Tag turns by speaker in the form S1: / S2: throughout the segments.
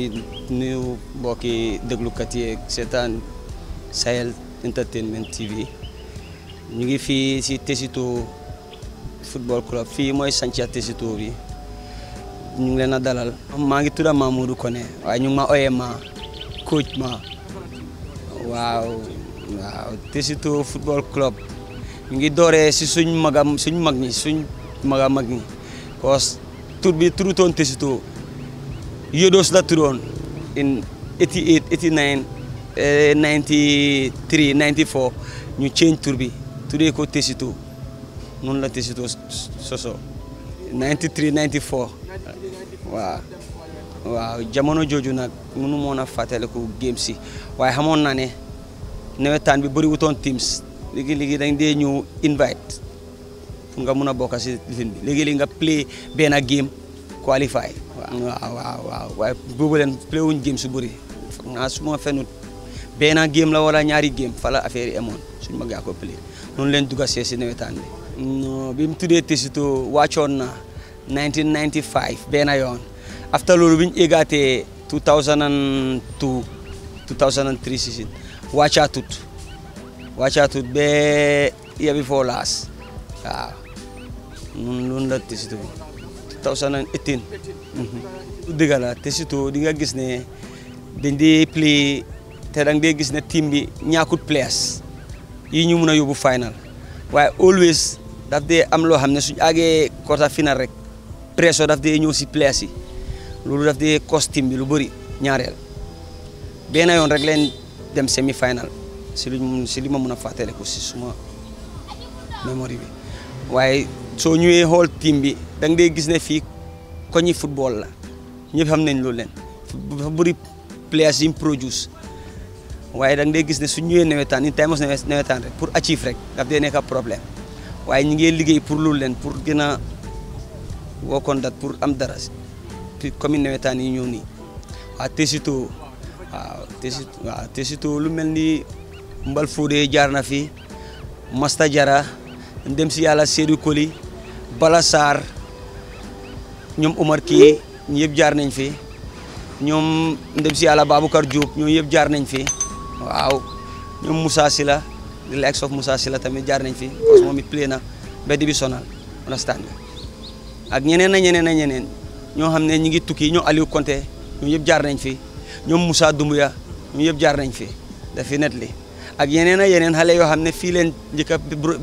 S1: New nuyu mbokki déglukat yi ak seetaan Sahel Entertainment TV ñu ngi fi si tesitu football club fi moy santia Tesito bi ñu ngi leen dalal ma ngi tuda Mamoudou Kone way ñu ma oyee ma coach ma waaw waaw Tesito football club ñu ngi doré si suñ magam suñ magni, ñi suñ maga magni ñi tour tur bi turutoon tesitu Yodos Laturon in 88, 89, uh, 93, 94, you change Turbi. Today called Tesitu. Non la Tesitu Soso. 93, 94. Wow. waaw jamono jooju nag mënu moon a fàttaliku game si waaye xamoon naa ne nawetaan bi bëri wutoon teams léegi léegi dañ dee ñëw invite pour nga mun a bokk si lifin bi léegi léegi nga play benn game qualify waaw waaw waaw bobu len play wuñ game su bëri na suma game la wala ñaari game fala affaire yi amoon suñ ma gaa play non len duga ci si nawetaan bi non bi mu tesito wàccoon na 1995 benn yoon after lolu bi ñu 2002 2003 season wacha tout be yabi fo las waaw non la tesito 2018. Mm-hmm. dëgg la te la, di ne play te da nga dee gis ne team bi players yi ñu mun a final Why always daf dee am loo xam ne suñ àggee quarter final rek pression daf dee ñëw si players yi loolu kos timbi cost nyarel. Bena yon reglen ñaareel dem semi final si lu muna li ma memori. a bi soo ñëwee xool team bi da nga dee gis ne fii koñi football la ñëpp xam nañ loolu leen dafa bëri players yi produce waaye da nga dee gis ne su ñëwee nawetaan in times nawetaan rek pour achieve rek daf dee nekk problème waaye ñi ngi liggéey pour loolu leen pour gën a wokkoon dat pour am dara commune nawetaan yi ñëw nii waaw te surtout waaw te surtout lu mel ni mbal Fodé jaar na fi Masta Jara ndem si yàlla Seydou Koli Bala Sarr ñoom Umar kii ñu jaar nañ fi ñom ndem si yàlla Babacar Diop ñoom yëpp jaar nañ fi waaw ñom Moussa Sila di likes of Moussa Sila tamit jaar nañ fi parce momit moom bedd bi sonal on stand ak ñeneen na ñeneen na ñeneen ñoo xamne ñi ngi tukki ñoom Aliou Conté ñoom yëpp jaar nañ fi ñom Moussa Doumbouya ñoom yëpp jaar nañ fi definitely ak yeneen a yeneen xale yoo xam ne fii leen njëkk a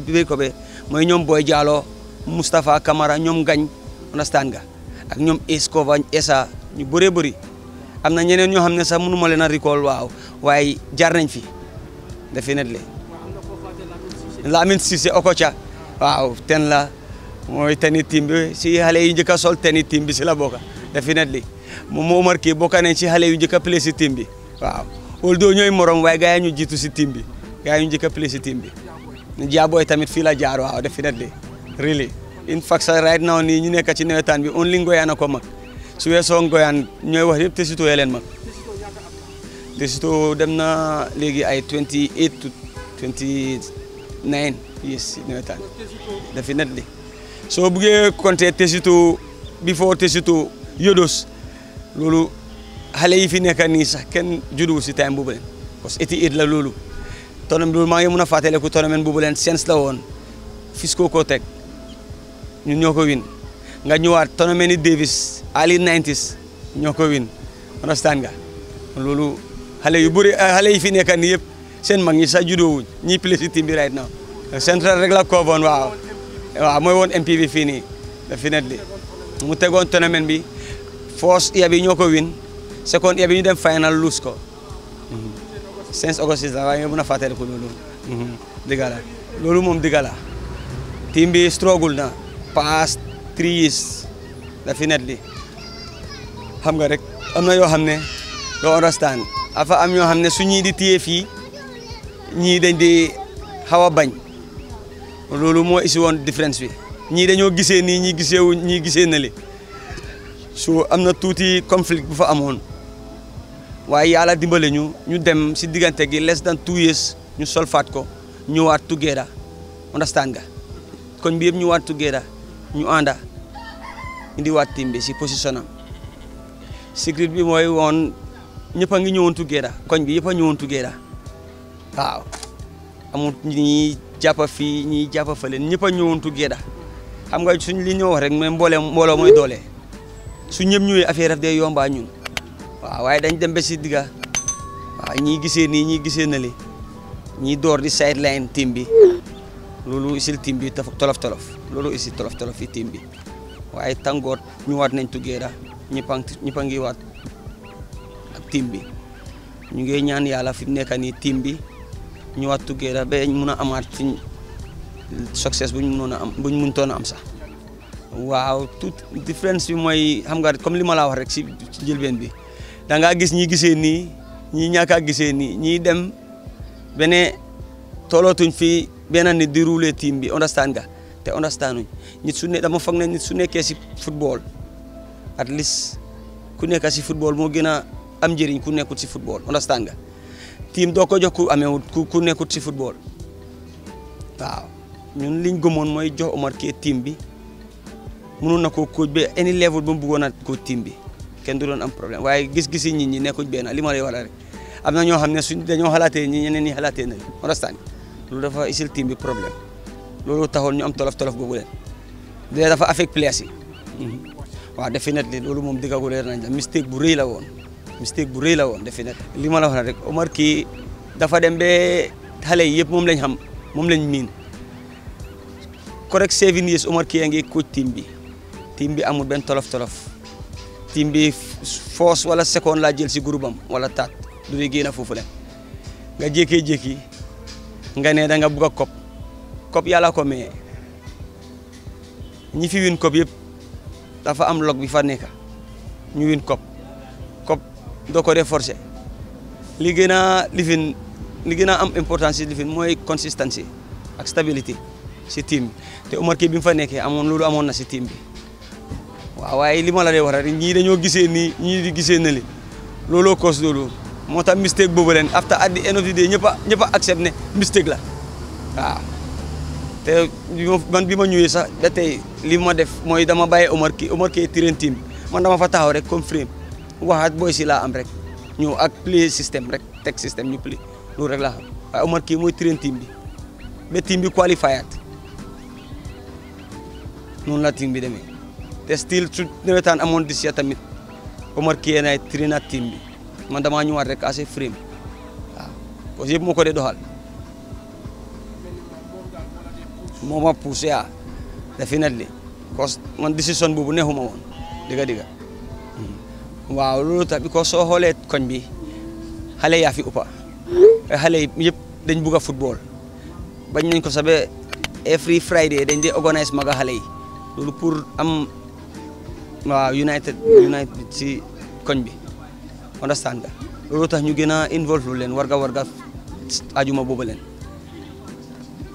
S1: béy ko be mooy ñoom Boy Diallo Moustapha Camara ñoom gañ understand nga ak ñoom Escova Essa ñu bëree bëri am na ñeneen ñoo xam ne sax mënu ma leen a recall waaw waaye jaar nañ fi definitely Lamine Cissé Okocha waaw ten la mooy teni team bi si xale yu njëkk a sol teni team bi si la bokk definitely moom Omar kii bokk nañ si xale yu njëkk a play si team bi waaw although ñooy morom waaye gars yi ñu jiitu si team bi gars yi ñu njëkk a bi jaboy e tamit fi la jaar waaw definitely really in fact right now ni ñu nekk ci newetaan bi only ngoyaan ko mag su weso ngoyaan ñoy wax yeb tesito yelen leen tesito dem na ay 28 to 29 yes newetaan definitely So buge compter tesito before tesito yodos lulu Halei yi fi nekk ni sax ken judu si time boobu leen parce que eti la lolu tonam bi ma ngi mën a fàttaliku tournament bubu len sens la won Fisco ko tek ñun ñoko win nga ñëwaat tournament ni Davis ali 90s ñoko win rastan nga lolu xale yu bëri eh, xale yi fi nekk ni yépp seen mag ñi sa judo ñiy ñi si team right now central rek la ko bon waaw waaw moy won MPV fi nii definitely mu tegoon en bi force year bi ñoo win second year bi ñu dem final lose ko mhm. 5 August la waaye nga mën a fàttaliku loolu digga la loolu moom digga la team bi struggle na past three years definitely xam nga rek am na yoo xam ne doo understand afa am yoo xam ne su ñii di téye fii ñii dañ di xaw a bañ loolu moo isi woon différence bi ñii dañoo gisee nii ñii gisee wu gisee na li su am na tuuti conflit bu fa amoon waaye yàlla dimbale ñu ñu dem si diggante gi les dan two years ñu solfaat ko ñëwaat together understand nga koñ bi yëpp ñëwaat together ñu ànda indiwaat team bi si position am secret bi mooy woon ñëpp a ngi ñëwoon together koñ bi yëpp a ñëwoon together waaw amul ñi jàpp fii ñi jàpp ñëpp a ñëwoon together xam nga suñ li ñoo wax rek mais mboolem mbooloo mooy doole su ñëpp ñëwee affaire daf day yomba ñun. waaw waaye dañ dem ba si digga waaw ñii gisee nii ñii gisee na li ñii door di sideline team bi loolu isil timbi, bi tolof tolof loolu isil tolof tolof yi timbi. bi waaye tàngoor ñu waat nañ tugeera ñi pang ñi pangi waat ak timbi. bi ñu ngi ñaan yàlla fi mu nekk nii team bi ñu waat tugeera ba mun a amaat suñ success buñ mënoon a am buñ mëntoon a am sax waaw tout bi mooy xam nga comme li ma laa si njëlbeen bi da nga gis ñi gisee ni ñi ñaka a gisee nii ñii dem bene tolootuñ fi benn di rouler team bi understand nga te understanduñ nit su ne dama foog nit su ci football at least ku nekk ci football mo gëna am jëriñ ku ci football understand nga team do ko jox ku amewut ku nekkut ci football waaw ñun liñ gëmon moy jox Omar ké team bi mënoon nako coach any level bu mu bëggoon ko team bi kenn du am problème waye gis gis nit ñi nekkuñ ben li ma lay waral rek am na ñoo xam ne suñ ñi ñeneen ñi xalaatee nañ understand lu dafa isil tim bi problème lolu taxoon ñu am tolof tolof googu de dafa affect place
S2: yi mhm.
S1: waaw definitely lolu mom diggagu leer nañ la mistake bu rëy la won mistake bu rëy la won definitely li ma la wax rek Omar ki dafa dem be xalé yépp mom lañ xam mom lañ min correct 7 years Omar ki a coach tim bi tim bi amul ben tolof tolof Tim bi force wala second la jël si groupe wala tat du dee génn foofu le nga jéké jéki nga né da nga bëgg kop kop yàlla ko mé ñi fi win kop yépp dafa am log bi fa nekk ñu win kop kop do ko renforcer li gëna lifin li gëna am importance si lifin moy consistency ak stability si tim té te Omar kii bi mu fa nekkee amon lolu amon na si team bi wa waaye li ma la dee wax rek ñii gisee ni ñi di gisee na li lolo cause lolo moo mistake bobu len after at the end of the day ñepa ñepa accept ne mistake la wa te man bima ñuy ñëwee sax ba li ma def moy dama baye Omar ki Omar tirin tim man dama fa taxaw rek comme frame waxaat boy si la am rek ñu ak play system rek tek system ñu play lu rek la xam waaye Omar moy tirin timbi bi ba team bi qualifyat at la team bi demé te stil su nawetaan amon di siya tamit Omar kiye na e trina na timbi man dama nyuwa rek ase frame ko parce mo ko de dohal mo ma poussé ya. hmm. a definitely parce ko man décision boobu neexuma woon digga digga wa wulu ta bi ko so hole kon bi hale ya fi upa hale yi dañ buga football bañ nañ ko sabe every Friday dañ di organize maga xale lolu pur pour am Nah, united united ci koñ bi understand nga loolu tax ñu gëna a involve leen warga warga aljuma bobu leen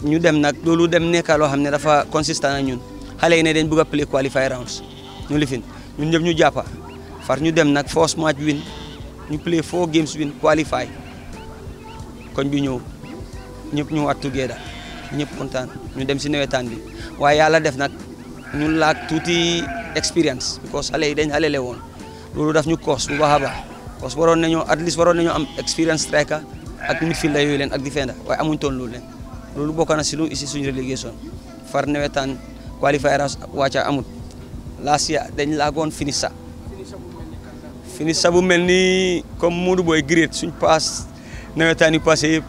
S1: ñu dem nak loolu dem nekkal lo xamne dafa consistant ñun xalé yi ne dañ bëgg play qualify rounds ñu lifin ñun ñëpp ñu jappa far ñu dem nak first match win ñu play four games win qualify koñ bi ñew ñëpp ñu wat together ñëpp contane ñu dem si nawetaan bi waye yalla def nak ñun tuti tuuti experience because xale yi dañ le woon loolu daf ñu cos bu baax a baax at least waroon nañu am experience striker ak midfielder yooyu leen ak defender waaye amuñ toon loolu leen loolu bokk na si lu ici suñu relegation far nawetaan qualifier wàcca amut last year dañ laagoon finissa finissa bu mel ni comme Modou Boy great, suñ pass nawetaan yu passé yëpp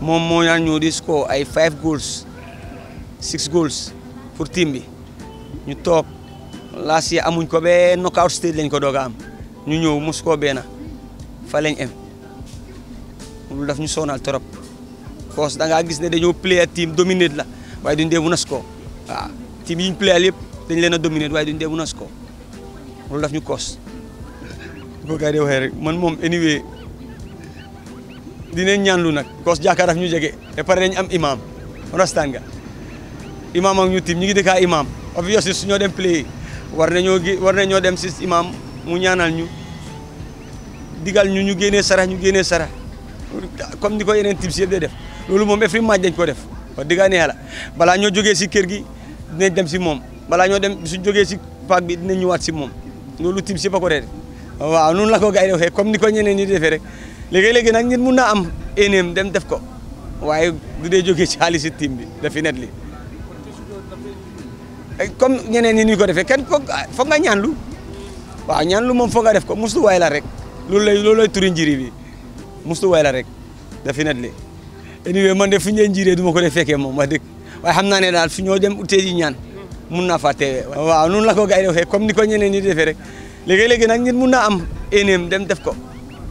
S1: moom ñaan ñoo di score ay five goals six goals pour team ñu tok last year amuñ ko be knockout stage lañ ko doga am ñu ñew beena fa lañ em lu daf ñu sonal torop cause da nga gis ne dañu player team dominate la waye duñ debu nas ko waaw team yiñ player lepp dañ leena dominate waye duñ debu nas ko loolu daf ñu kos ko di waxee man mom anyway dinañ ñaan lu nak, kos jakar daf ñu jégué et paré am imam understand nga imam ak ñu tim ñi ngi imam obviously suñu dem play war nañu war nañu dem ci imam mu ñaanal ñu digal ñu ñu génnee sarax ñu génnee sarax comme niko ko tim si de def lolu mom efri maaj dañ ko def ba dëgg ne bala ñu ñoo ci si kër gi dinañ dem ci mom bala ñu dem suñu si pak bi dinañ wat ci mom lolu tim ci bako ko waaw nun la ko gay yi comme niko ko ñeneen ñi defee rek léegi-léegi nak nit mun am enem dem def ko waye du dé joggé ci halisi tim bi definitely Eh, comme ñeneen ñi ñu ko defee kenn ko ah, foog nga ñaanlu waaw ñaanlu nga def ko mustu way la rek loolu lay loolu njiri bi mustu way la rek definitely anyway man de fu ñee njiree du ma ko def fekkee moom wax dëgg waaye xam naa ne daal dem utee ji ñaan mun naa faa teewee la ko gars yi comme ni ñeneen ñi defee rek léegi-léegi nit mun na am enem dem def ko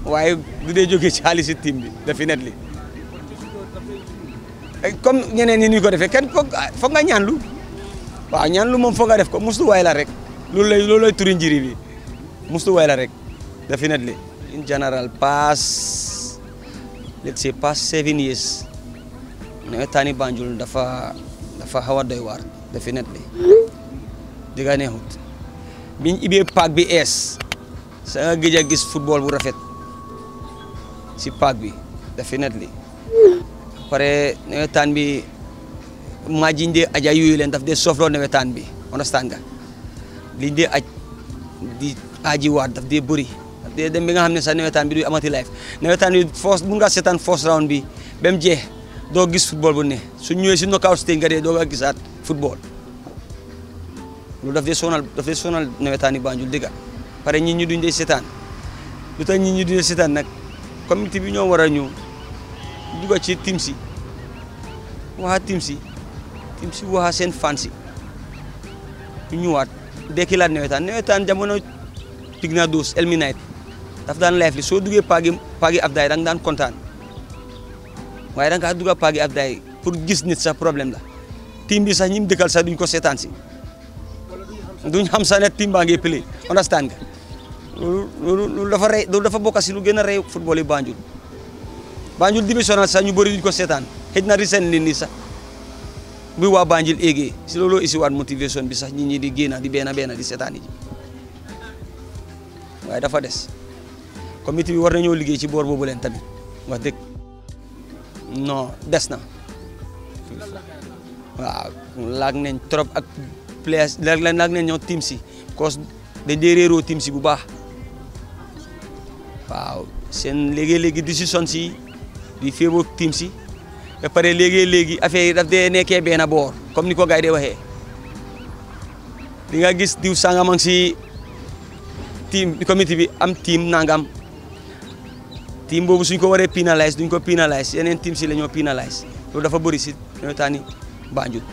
S1: waaye du dee jógee ci xaalis si bi definitely eh, comme ñeneen ñi ko defee kenn ko ah, nga ñaanlu wa ñaan lu mom foog nga def ko musluwaay la rek loolu lay loolu lay turi njiri bi musluwaay la rek definitely in general pass let's say pass seven years tani Banjul dafa dafa hawa doy war definitely diga hut, biñ ibé Pak bi S sa nga gis football bu rafet si Pak bi definitely pare tan bi maa jiñ dee aj ay leen daf dee soofloo nawetaan bi understand nga liñ dee aj di aji daf dee bëri dem bi nga xam ne sax nawetaan bi du amati life nawetaan bi force mun ngaa seetaan force round bi ba mu jeex doo gis football bu ne su ñëwee si knockout stage nga doo nga gisaat football loolu daf dee sonal daf dee sonal nawetaan yi Banjul dëgga pare ñit ñi duñ dee seetaan lu tax ñit ñi duñ dee seetaan nag communauté bi ñoo war a ñëw duga ci team si waa team Tim mu si wax seen fan si ñu ñëwaat dekkilaat nawetaan jamono pig naa duus elmi night daf daan leef li soo duggee paagi paagi abdaay da nga daan kontaan waaye da nga dugga paagi abdaay pour gis nit sax problème la team bi sax ñim duñ ko si duñ xam sax ne team baa ngi play understand nga loolu loolu dafa rey loolu dafa bokk si lu gën a rey football yi Banjul Banjul divisional sax ñu duñ ko sax wa waa Banjul ci si isi wat motivation bi sax nit ñi di gëna di bena bena di setan ji way dafa dess comité bi war nañoo liggéey ci boor boobu len tamit wax dekk non dess na wa lag nañ trop ak place lag lag nañ ñoo team si cause dañ dé réro team si bu baax waaw sen légué légué décision si di fébo team si ba e pare legi léegi affaire yi daf dee nekkee benn bor comme niko gaay dé waxé di nga gis diw sangam ak si team committee bi am team nangam team bobu suñ ko waré penalize duñ ko penalize yenen team si lañu penalize lolu dafa bëri ci ñu tani banjut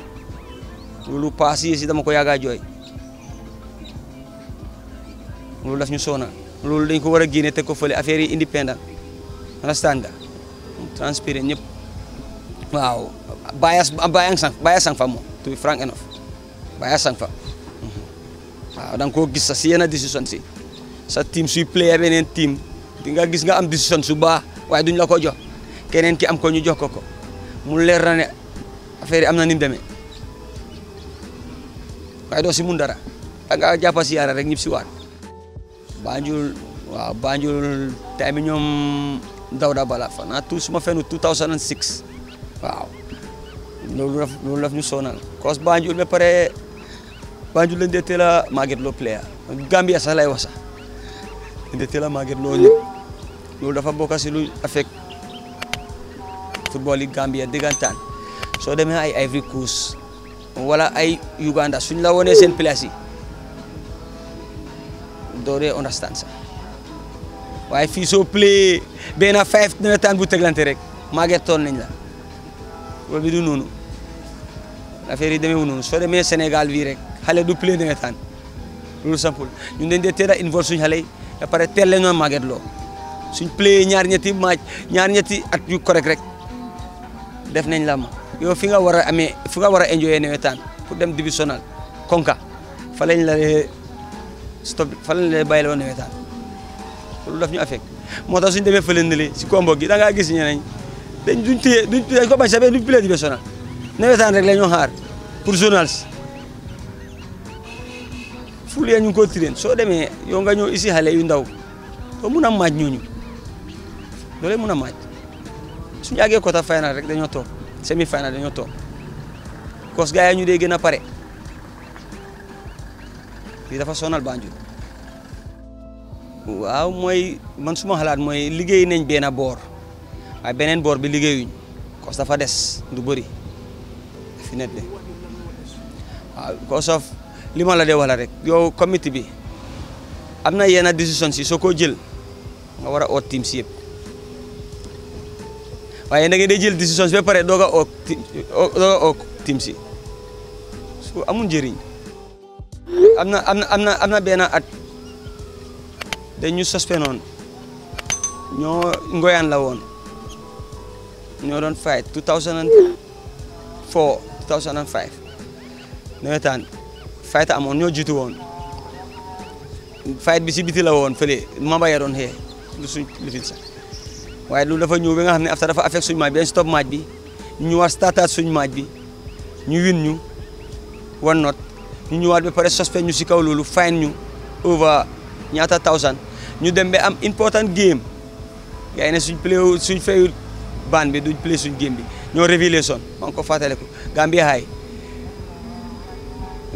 S1: lolu passé ci dama ko yaga joy lolu daf ñu sona lolu dañ ko wara té ko feulé affaire yi indépendant transparent Wow, bayas, bayang sang bayas sang fa to be frank enough bayas sang fa
S2: mhm.
S1: waaw da nga koo gis sa si si sa team si player benen team tinggal gis nga am decision su baax waaye duñ la ko jox kenen ki am ko ñu jox ko ko mu leer na ne affaire yi am na ni si mu dara da nga jappa si yara rek ñib si waat Banjul wa Banjul time ñoom Dawda Bala na tous ma fenu 2006 waaw loolu daf loolu daf ñu sonal cause Banjul ba pare Banjul lañ dee teel a màgget loo player Gambia sax lay wax sax lañ dee teel a màgget loo ñëpp loolu dafa bokk si lu affect football yi Gambia déggantaan soo demee ay Ivory Coast wala ay Uganda suñ la wonee seen place yi doo dee understand sax waaye fii soo play benn five nawetaan bu teglante rek màgget toon nañ la loolu du noonu affaire yi demeewul noonu soo demee Sénégal bii rek xale du plein nawetaan loolu sampul ñun dañ dee teel a involve suñu xale yi ba pare la ñoo màgget loo suñ play ñaar ñetti maaj ñaar ñetti at yu correct rek def nañ la ma yow fi nga war a amee fi nga war a enjoy nawetaan pour dem divisional konka fa lañ la stop fa lañ la bàyyiloo nawetaan ñu affect moo tax suñ demee fële ndële si kombo gi da gis ñeneen dañ duñ téye duñ dañ ko bañ sax duñ plainte bi sonal nawetaan rek la ñu xaar pour journaliste ful ya ñu ngi ko tireen soo demee yow nga ñëw ici xale yu ndaw doo mun a maaj ñooñu doolee mun a maaj suñu àggee quota final rek dañoo toog semi final dañoo toog cos gars yi ñu dee gën a pare lii dafa sonal Banjul waaw mooy man su ma xalaat mooy liggéey nañ benn boor waaye benen bor bi ko sa fa dess du bëri fi net de ko kosoof lima la de wala rek yow committee bi amna yena decision ci si jël nga wara a team ci yeb waye da ngay de jël decision pare doga o team ci su amun njëriñ amna na amna na bena at dañ ñu ñoo la won ñoo doon fight 2004 2005 nawetaan fight amoon ñoo jiitu woon fight bi si biti la woon fële Mambay doon xee lu suñ lifin sax waaye loolu dafa ñëw bi nga xam ne afta dafa affect suñu match bi dañ stop match bi ñu war startaat suñu match bi ñu win ñu wan not ñu ñëwaat ba pare suspend ñu si kaw loolu fine ñu over ñaata thousand ñu dem ba am important game gars yi suñ play suñ fayul ban bi duñ play suñ game bi ñoo révélé son maa ngi ko fàttaliku Gambia High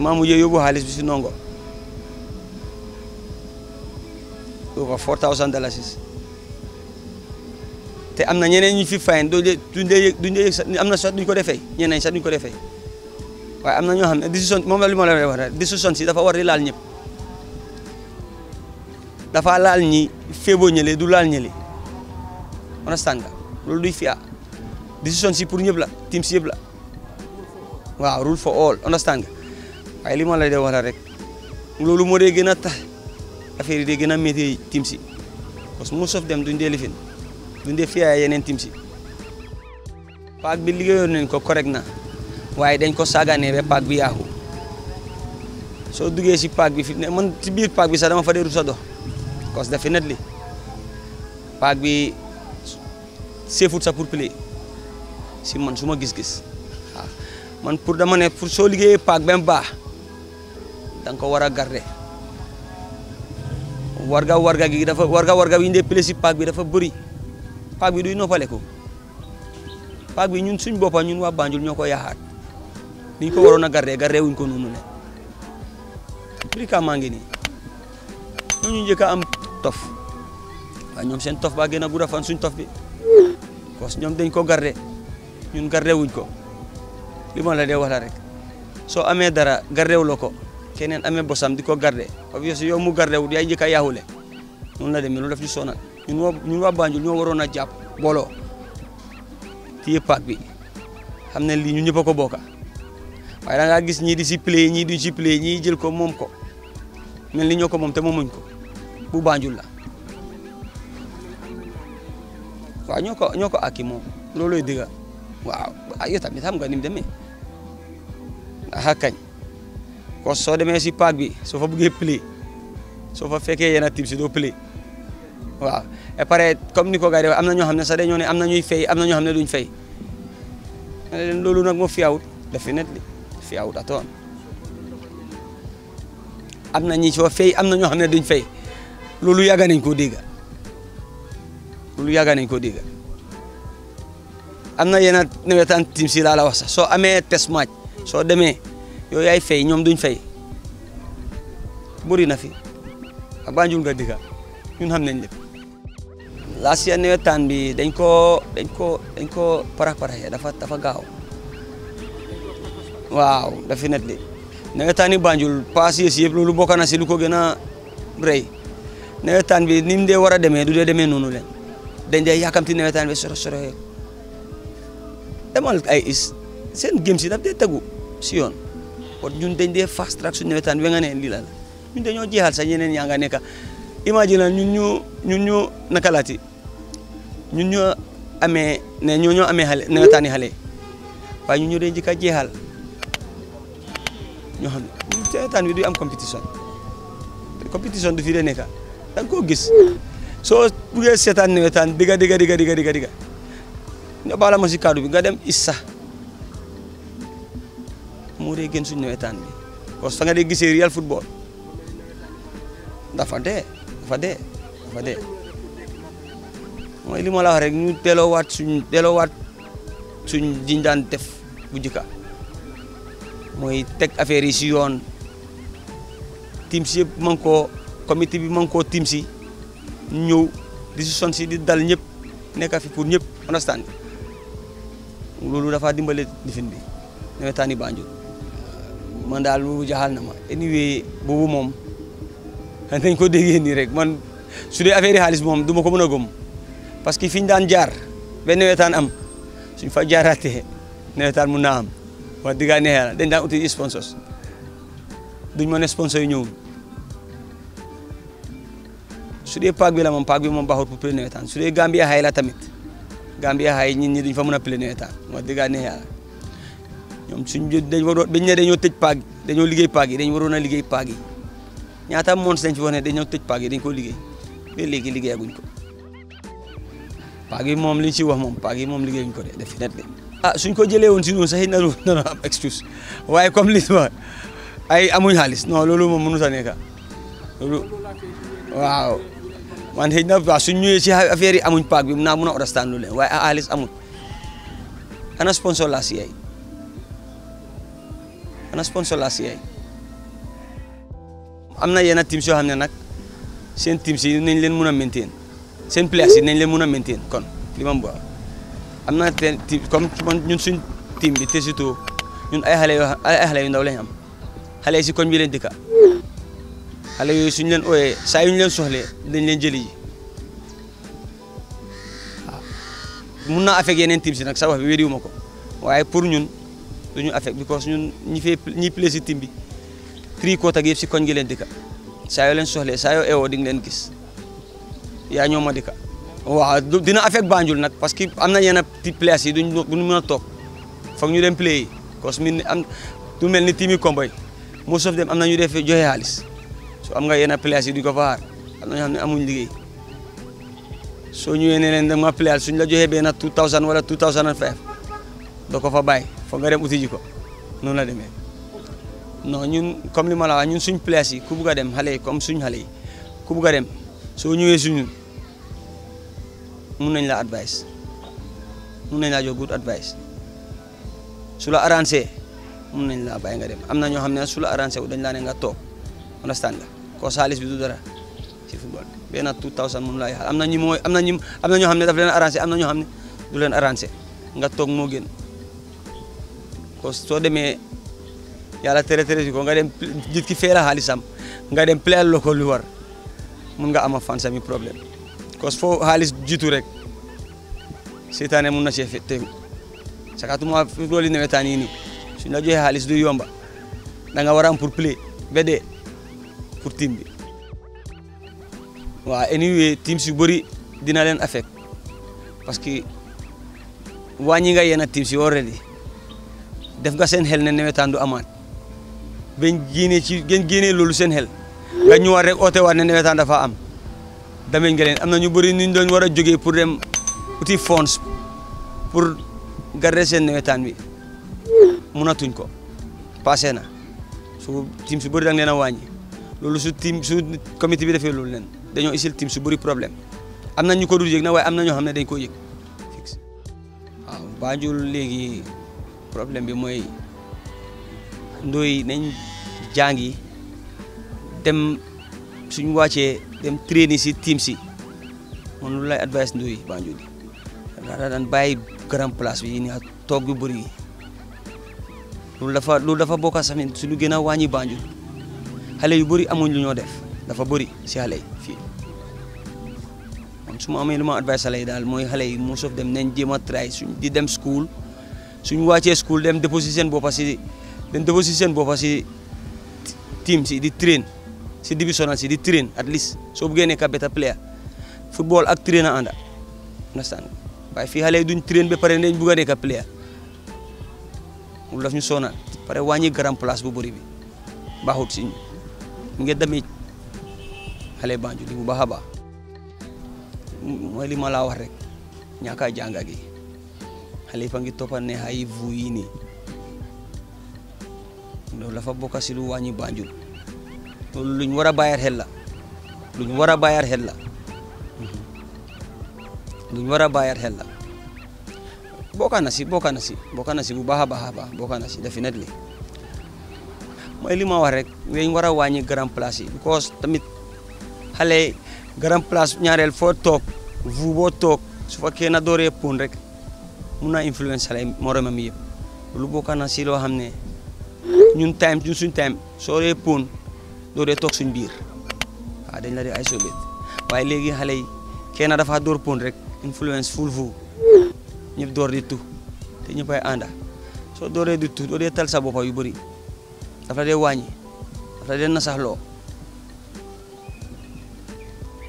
S1: maa mujjee yóbbu xaalis bi si nongo te am na ñeneen ñi fi fayin doo de am na sax duñ ko defee ñeneen sax duñ ko defee waaye am na ñoo xam ne décision moom la li ma la wax si dafa war di laal ñëpp dafa laal ñi feeboo ñële du laal ñële understand nga Rule duy fiya decision si pour ñëpp la team si yëpp la waaw rule for all understand nga waaye li ma lay de wala rek loolu mo dee gëna a tax affaire yi dee gën team si parce que most of them duñ délifin duñ dé fiya yeneen team si paak bi liggéeyoon nañ ko correct na waye dañ ko sagané ba paak bi yahu so duggé si paak bi fi ne man ci biir paak bi sa dama fa dé rusa definitely paak bi seefut sa pour play si man suma gis gis man pour dama ne pour so liggéey paak bem ba dang ko wara garder warga warga gi dafa warga warga wi ndé play si pak bi dafa beuri paak bi duy noppalé ko paak bi ñun suñ bopa ñun wa banjul ñoko yahat niñ ko warona garder garder wuñ ko nonu né brika mangi ni ñu jëk am tof ñom seen tof ba gëna fan suñ tof bi kos ñom dañ ko garder ñun garder wuñ ko lima la wax rek so amé dara garder wu ko kenen amé bosam di ko garder obviously yo mu garder wul yaay jika a ñun la demee loolu daf ñu ñun ñun Banjul ñoo warona japp bolo, ti pat bi xamné li ñu ñëpp ko da nga gis ñi di ci play ñi di ci play ñi jël ko mom ko melni ñoko mom ko moom ko bu Banjul la waaw ñoo ko ñoo ko àkki moom loolooy dëgg waaw ah, yow tamit xam nga ni mu demee ah kañ kon soo demee si paak bi soo fa bëggee pli soo fa fekkee yenn type si doo pli waaw et pare comme ni ko am na ñoo xam ne sax dañoo ne am na ñuy fay am na xam ne duñ fay loolu nag moo fiyaawut definitely fiyaawut atoon am na ñi soo fay am na ñoo xam ne duñ fay loolu yàgg nañ koo dégg. lu yaga nañ ko diga amna yena newetan tim si laa la wax so amé test match So démé yo yay fay ñom duñ fay bëri na fi ak Banjul nga diga ñun xam nañ lépp. la si newetan bi dañ ko dañ ko dañ para para ya dafa dafa gaaw waaw dafi net li ni Banjul pass yes yeb lolu bokana na si lu ko gëna a newetan bi nim de wara démé du de démé nonu len dañ day yàkkamti nawetaan bi soro soro yeeg demal ay is sen game ci daf dee teggu ci yoon kon ñun dañ dee fast track su nawetaan bi nga ne li la ñun dañu jeexal sa ñeneen ya nga nekka imagine ñun ñu ñun ñu nakalati ñun ñu amé né ñoo ñoo amé xale nawetaani xale waaye ñun ñu dañ njëkk a jihal xam ne nawetaan du am competition competition du fi de nekka dang ko gis so buya setan ni wetan diga diga diga diga diga diga ne bala masi kadu bi gadem issa re gen suñu wetan bi ko sa de gisee real football dafa de dafa de dafa de moy li mo la wax rek ñu telo wat suñ telo wat suñ jindan def bu jika moy tek affaire yi ci yoon tim ci yeb man ko comité bi man ko tim ci ñëw décision si di dal ñep neka fi pour ñep understand lolu dafa di difin bi tani banju man jahal nama. jaxal na ma anyway bobu mom, dañ ko déggee ni rek man su dé affaire xaalis mom duma ko mëna a parce que fiñ daan jaar ben wétan am suñ fa jaaraté nawetaan mu na am wa diga neexee dañ daan uti sponsors duñ mën sponsor yi su dee paak bi la moom paak bi moom baaxul pour plein nawetaan su dee Gambia xay la tamit Gambia xay nit ñi duñ fa mën a plein nawetaan wax dëgg ne yàlla ñoom suñ dañ waroon bañ ne dañoo tëj paak dañoo liggéey paak yi dañ waroon a liggéey paak yi ñaata moon dañ fi wax ne dañoo tëj paak yi dañ ko liggéey ba léegi liggéeyaguñ ko paak yi moom li ñu si wax moom paak yi moom liggéeyuñ ko de def fi net de ah suñ ko jëlee woon si noonu sax it na doon am excuse waaye comme li ma ay amuñ xaalis non loolu moom mënut a nekk loolu waaw man xëy na waaw suñ ñëwee si affaire yi amuñ paak bi naa mun a understand lu leen waaye xaalis amul ana sponsor laa si ana sponsor laa si yaay am na yenn teams yoo xam ne nag seen teams yi nañ leen mun a maintain seen players nañ leen mun a maintain kon li ma bu am na seen team comme ñun suñ team bi te surtout ñun ay xale yoo ay xale yu ndaw lañ am xale yi si koñ bi leen dëkka xalé yoy suñ leen oyé sa yu leen dañ leen jëli ji waaw mun naa sa wax bi wédiwuma ko waye pour ñun duñu affect because ñun ñi fi ñi play si bi tri ko si koñ gi leen dika sa yoy leen soxlé sa yoy éwo di ngi leen gis ya ñoo ma dina affect Banjul nak parce que amna na ti place yi duñ duñ ñu dem play cause min am du melni timi combo yi most of them ñu def joxe halis am nga yenn place yi di ko faar am na ñoo amuñ liggéey soo ñëwee ne leen dama place suñ la joxee benn 2000 wala 2005 doo ko fa bàyyi foog nga dem ji ko noonu la demee non ñun comme li ma la wax ñun suñ place yi ku bugg a dem xale comme suñ xale yi ku bugg soo ñëwee suñu mun nañ la advice mun nañ laa jox good advice su la mun nañ laa bàyyi nga dem am na ñoo xam ne su la wu dañ laa ne nga toog understand nga ko salis bi du dara ci football bi 2000 moom laay xaar am na ñu amna am amna ñu am na ñoo xam daf leen arrangé amna na xamne du leen arrangé nga tok mo gën ko soo demee yàlla téré tere ko nga dem jitt ki féra la nga dem lu war mun nga fan sami problème ko jitu rek seytaane mun na cee tegu sakatuma loolu nawetaan yi nii suñ la joxee xaalis du yomba da nga waram pour play pour team bi waaw anyway teams yu bëri dina leen affect parce que wàññi nga tim teams yi already def nga sen hel ne nawetaan du amaat ben génnee ci gen génnee loolu hel ga nga war rek oote waat ne nawetaan dafa am damay ngelen amna am na ñu bëri ñu doon war a pour dem uti fonds pour garder sen bi munatuñ ko passé na su teams yu bëri dang leena wañi lolu su team su comité bi defé lolu len dañu isil tim su bari problème amna ñu ko dul yëg na way amna ño xamné dañ ko yëg fix waaw Banjul légui problème bi moy ndoy nañ dem suñu wacce dem traîner si tim si mon lu lay advice ndoy Banjul da daa dan bay grand place bi ni tok bu bari yi dafa loolu dafa suñu gëna wañi xalé yu bari amuñ lu ñoo def dafa bari si xalé fi fii man su ma ma advice xale dal moy xalé yi dem nañ jima try suñ di dem school suñ wacce school dem déposi seen boppa dem déposi seen boppa si team si di train si divisional si di train at least bu gene ka better player football ak train anda ànda understand fi fii duñ train be pare nañ bu a ka player mu daf ñu pare wàññi garam place bu bëri bi baaxut si ngeen demee xale Banjul bu baax a baax li ma laa wax rek ñàkk a jàng gi xale yi fa ngi toppa ne ay vu yi nii loolu dafa bokk si lu wàññi Banjul loolu luñ war a bàyyi xel la luñ war a bàyyi xel la luñ war a bàyyi la bokk si bokk si bokk si bu baax a baax si definitely mooy li ma wax rek dañ war grand place because tamit xale grand place nyarel foo toog vu boo kena su punrek, na rek mun naa influence xale moromam yëpp lu bokk na si loo xam ñun time ñun suñ time soo dee pon doo dee toog suñ biir wa dañ la dee isolé dafa rek influence full vu ñëpp door di tu te anda. So so dore di tu doo dee tal sa bopp yu dafa dee wàññi dafa dee nasaxloo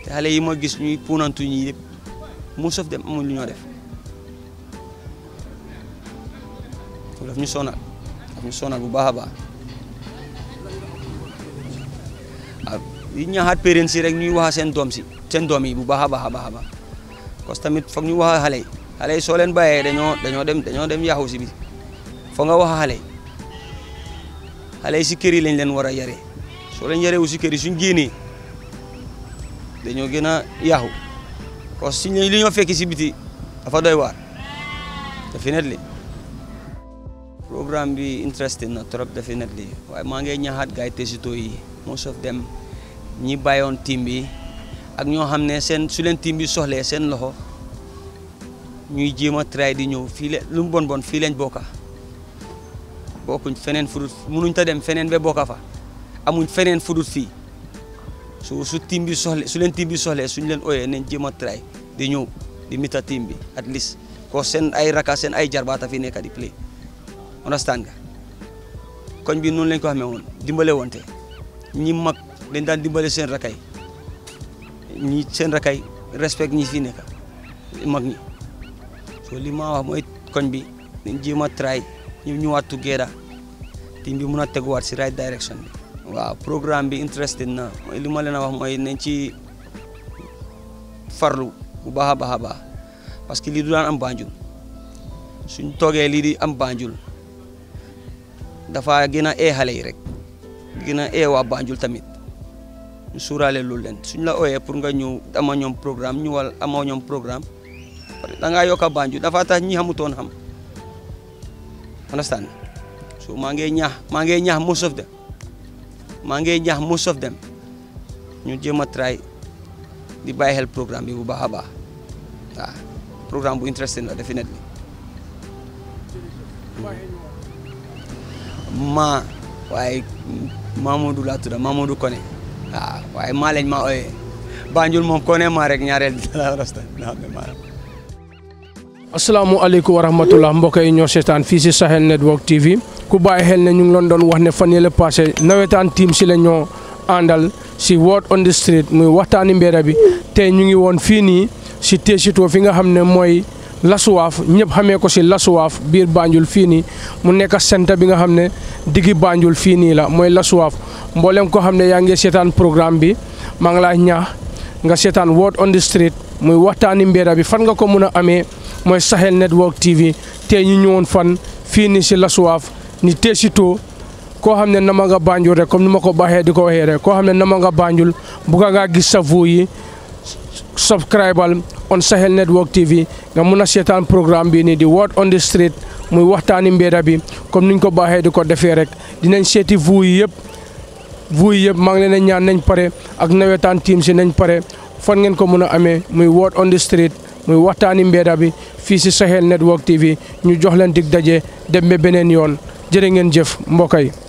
S1: te xale yi ma gis ñuy puunantu ñi yëpp mu sof dem amuñ lu ñoo def daf ñu sonal daf ñu sonal bu baax a baax waaw yi ñaaxaat parents yi rek ñuy wax seen doom yi bu baax a baax baax a baax parce que foog ñu wax xale yi xale yi soo leen bàyyee dañoo dañoo dem dañoo dem yaaxu si bi nga wax xale xale si kër yi lañ leen war a yare soo leen yarewu si kër yi suñ génnee dañoo gën a yaaxu kon suñ li ñoo fekki si biti dafa doy waar definitely programme bi interesting na trop li waaye maa ngi ñaxaat gars yi tesito yi most of them ñi bi ak ñoo xam ne seen su leen team bi soxlee seen loxo ñuy jéem a try di ñëw fii leen lu bon bon fii leen bokka bokuñ fenen fudut munuñ ta dem fenen be bokafa amuñ fenen fudut fi su su timbi soxle su len timbi soxle suñ len ooyee nañ jima tray try di ñew di mita timbi at least ko sen ay raka sen ay jarbaata fi nekk di play understand nga koñ bi noonu lañ ko xamé won dimbalé wonte ñi mag dañ dan dimbalé sen rakay ñi sen rakay respect ñi fi nekk mag ñi so li ma wax moy koñ bi nañ jima tray ñu wat together team bi mëna wat si right direction wa program bi interested ah. na li ma leen wax moy nañ ci farlu bu baax a baax parce que li du daan am banjul suñ togué li di am banjul dafa gëna é e halé gina rek gëna é e wa banjul tamit suralé lu len suñ la oyé pour nga ñu ama ñom programme ñu wal amo ñom programme da nga yoka dafa tax ñi xamutoon xam Understand? So mangé ñaax mangé ñaax most of them mangé ñaax most of them ñu jëma try di bay help program bi bu baaxa baax bu interesting la definitely hmm. ma way Mamadou la tuda Mamadou Kone ah waaye lañ ma oyé Banjul mom Kone ma rek la la rasta naa ma
S2: asalaamualeykum wa rahmatullah mbokk yi ñoo seetaan fii si Sahel Network TV ku bàyyi xel ne ñu ngi loon doon wax ne fan la passé nawetaan tiim si la ñoo àndal si Word on the Street muy waxtaani mbéera bi tey ñu ngi woon fii nii si Téesitoo fi nga xam ne mooy Lasuwaaf ñëpp xamee ko si Lasuwaaf biir Banjul fii nii mu nekk centre bi nga xam ne diggi Banjul fii nii la mooy Lasuwaaf mboolem ko xam ne yaa ngi seetaan programme bi maa ngi laa ñaax nga seetaan Word on the waxtaani mbéera bi fan nga ko mun a amee. mooy Sahel Network TV tey ñu ñëwoon fan fii ni si Lasuwaaf ni Téesitoo koo xam ne nama nga Banjul rek comme ni ma ko baaxee di ko waxee rek koo xam ne na nama nga Banjul bugga ngaa gis sa voo yi subscribal on Sahel Network TV nga mun a seetaan programme bi nii di word on the street muy waxtaani mbéeda bi comme niñ ko baaxee di ko defee rek dinañ seeti voo yi yëpp voo yi yëpp maa ngi leen ñaan nañ pare ak nawetaan team si nañ pare fan ngeen ko mun a amee muy word on muy waxtaani mbeeda bi fii si Sahel Network TV ñu jox leen dig daje dem ba beneen yoon jërë ngeen jëf mbokk yi